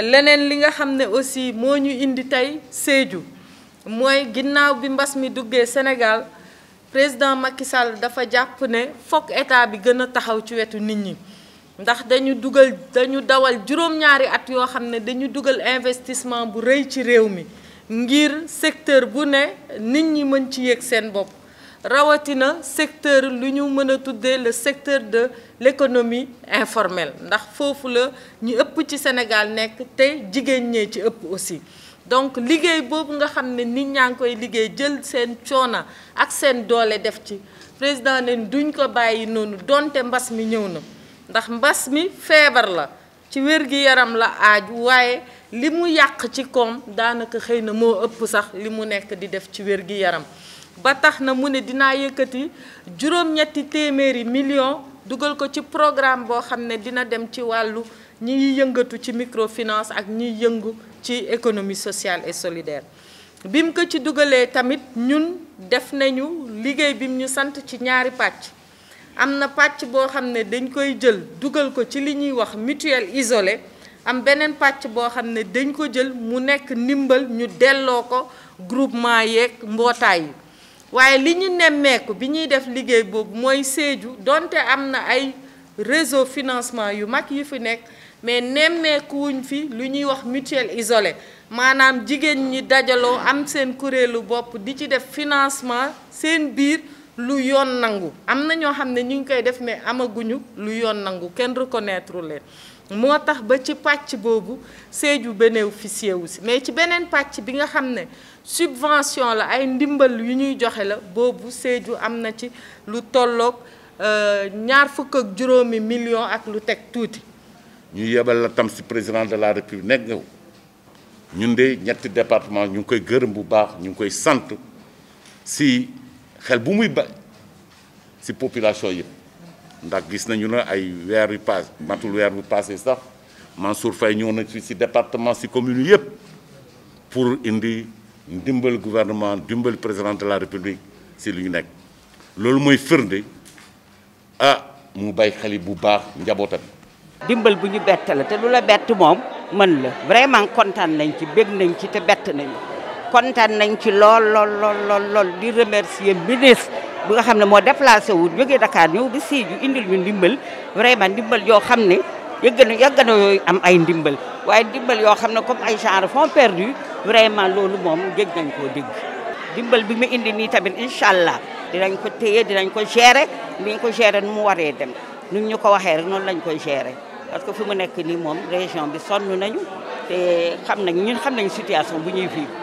leneen li nga xam ne aussi moo ñu indi tey Sédhiou mooy ginnaaw bi mbas mi duggee Sénégal président Macky dafa jàpp ne fokk état bi gën a taxaw ci wetu nit ñi ndax dañu dugal dañu dawal juróom-ñaari at yoo xam ne dañu dugal investissement bu rëy ci réew mi ngir secteur bu ne nit ñi mën ci yéeg seen bopp rawatina secteur lu ñu mën a tuddee le secteur de léconomie économie informelle ndax foofu la ñu ëpp ci Sénégal nekk te jigéen ñee ci ëpp aussi donc liggéey boobu nga xam ne nit ñaa ngi koy liggéey jël seen coona ak seen doole def ci président ne duñ ko bàyyi noonu donte mbas mi ñëw na ndax mbas mi feebar la ci wér-gi-yaram la aaju waaye li mu yàq ci koom daanaka xëy na moo ëpp sax li mu nekk di def ci wér-gi-yaram ba tax na mu ne dinaa yëkkati juróom-ñetti téeméeri million dugal ko ci programme boo xam ne dina dem ci wàllu ñiy yëngatu ci microfinance ak ñiy yëngu ci économie sociale et solidaire bim ko ci dugalee tamit ñun def nañu liggéey bim ñu sant ci ñaari pàcc am na pàcc boo xam ne dañ koy jël dugal ko ci li ñuy wax mutuelle isole am beneen pàcc boo xam ne dañ ko jël mu nekk ndimbal ñu delloo ko groupement yeeg mbootaay yi waaye li ñu nemmeeku bi ñuy def liggéey boobu mooy Sédhiou donte am na ay réseau financement yu mag yu fi nekk mais nemmeekuwuñ fi lu ñuy wax mutuelle isolée maanaam jigéen ñi dajaloo am seen kuréelu bopp di ci def financement seen biir lu yoon nangu am na ñoo xam ne ñu ngi koy def mais amaguñu lu yoon nangu kenn reconnaître leen moo tax ba ci pàcc boobu Sédhiou bénéficié wu si mais ci benen patch bi nga xamné subvention la ay ndimbal yu ñuy joxé la bobu Sédhiou amna ci lu tollok euh ñaar fukk ak juroomi millions ak lu tek tuuti. ñu yebal la tam ci président de la république nek nga ñun dé ñetti département ñu koy gërëm bu baax ñu koy sante si xel bu muy ba si population yi ndax gis nañu la ay weer yu paase matul weer bu passé sax Mansour Faye ñëw na ci si département si commune yépp pour indi d'imbel gouvernement d'imbel président de la république c'est lu ñu nekk loolu mooy firnde ah mu bay xali bu baax njabootam. dimbal bu ñu bett la te lu la bett moom mën la vraiment kontaan nañ ci bég nañ ci te bett nañ kontaan nañ ci lool lool lool lool di remercier ministre. bi nga xam ne moo déplacé wu jógee Dakar ñëw ba Sédhiou indil ñu ndimbal vraiment ndimbal yoo xam ne yëgg na yàgg na yooyu am ay ndimbal waaye ndimbal yoo xam ne comme ay genre fonds perdu vraiment loolu moom gëj nañ koo dégg. ndimbal bi mu indi nii tamit incha allah dinañ ko téye dinañ ko gérer dinañ ko gérer nu mu waree dem nu ñu ko waxee rek noonu lañ koy gérer parce que fi mu nekk ni moom région bi sonn nañu te xam nañ ñun xam nañ situation bu ñuy fii